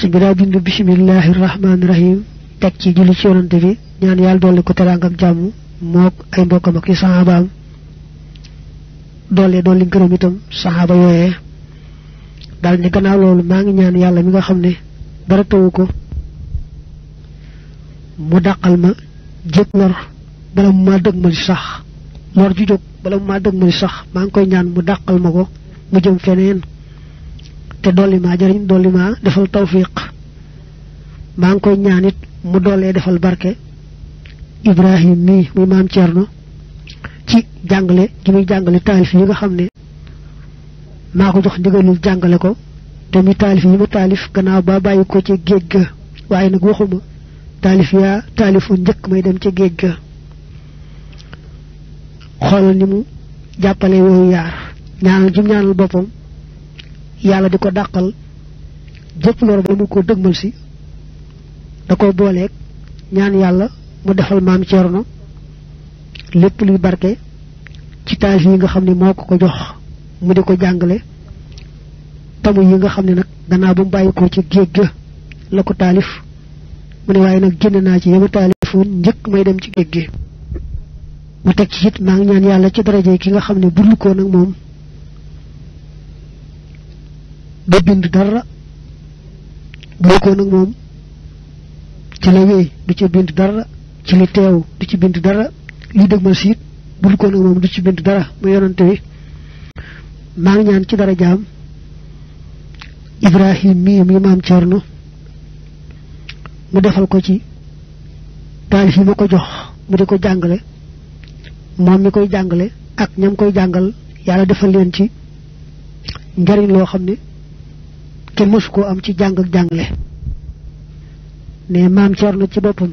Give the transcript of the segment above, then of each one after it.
suñ bi daa bind bismillahi rahim tek ci julli ci yonante bi ñaan yàlla dolli ko teraang ak jàmm moog ay mbokam ak i dolle dolli itam sahaba yoyé dal ni gannaaw lolu ma ngi ñaan yalla mi nga xamné dara tawu ko mu daqal ma jëk lor balam ma maa sax nor ju jóg balam ma sax ma ngi koy ñaan mu daqal mako mu jëm feneen te dolli ma jëriñ dolli maa defal tawfiq maa ngi koy ñaanit mu doolee defal barke Ibrahim mii muy maam Thierno ci jàngale gi muy jàngale taalif yi nga xam ne maa ko jox ndigalul jàngale ko te muy taalif yi ma taalif gannaaw ba bàyyi ko ca géej ga waaye nag waxuma taalif yaa taalifu njëkk may dem ca géej ga xoolal ni mu jàppale yooyu yaar ñaanal jum ñaanal boppam yàlla di ko dàqal jëpp loolu ba mu ko dëgmal si da koy booleeg ñaan yàlla mu defal maam Cerno lépp luy barke ci taaj yi nga xam ne moo ko ko jox mu di ko jàngale tamu yi nga xam ne nag gannaaw ba mu bàyyi ko ci géej ga la ko taalif mu ne waaye nag génn naa ci yama taalifoon njëkk may dem ci géej gi mu teg ci it maa ngi ñaan yàlla ci daraje ki nga xam ne burlu ko nag moom ba bind dara bokkoo nag moom ci la wéy du ci bind dara ci li teew du ci bind dara li dëgmal siit bul ko nag moom du ci bind dara mu yonante wi maa ñaan ci dara jaam ibrahim mii mi maam Cerno mu defal ko ci taalif yi ma ko jox mu di ko jàngale moom mi koy jàngale ak ñam koy jàngal yàlla defal leen ci njariñ loo xam ne te mësu koo am ci jàng ak jàngale ne maam Cerno ci boppam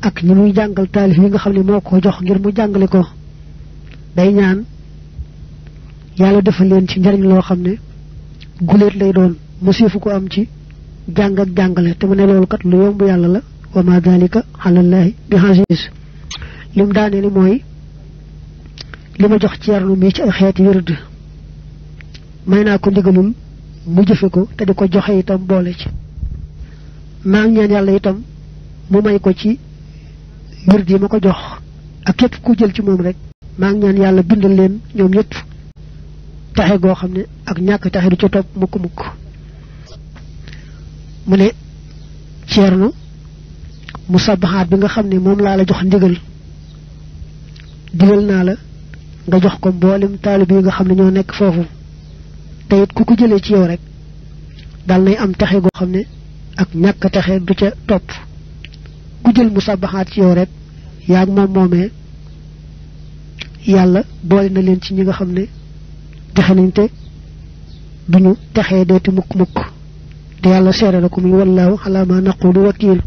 ak ñi muy jàngal taalif yi nga xam ne moo ko jox ngir mu jàngale ko day ñaan yàlla defal leen ci njariñ loo xam ne guléet lay doon mësifu ko am ci jàng ak jàngale te mu ne loolu lu yomb yàlla la wa ma dalika alallahi bi xasis lim daane li mooy li ma jox Cerno mi ci ay xeeti wérd may naa ko ndigalul mu jëfe ko te di ko joxe itam boole ci maa ngi ñaan yàlla itam mu may ko ci wird yi ma ko jox ak képp ku jël ci moom rek maa ngi ñaan yàlla bindal leen ñoom yëpp taxe goo xam ne ak ñàkk taxe du ci topp mukk mukk mu ne ceerno mu sabaxaat bi nga xam ne moom laa la jox ndigal digal naa la nga jox ko mboolem taalib yi nga xam ne ñoo nekk foofu te it ku ko jëlee ci yow rek dal nay am taxe goo xam ne ak ñàkk taxe du ca topp ku jël mu sabaxaat ci yow rek yaa ak moom moomee yàlla boole na leen ci ñi nga xam ne texe nañ te duñu texee deeti mukk mukk te yàlla seere na ko muy wallaahu alaa maa du wakiil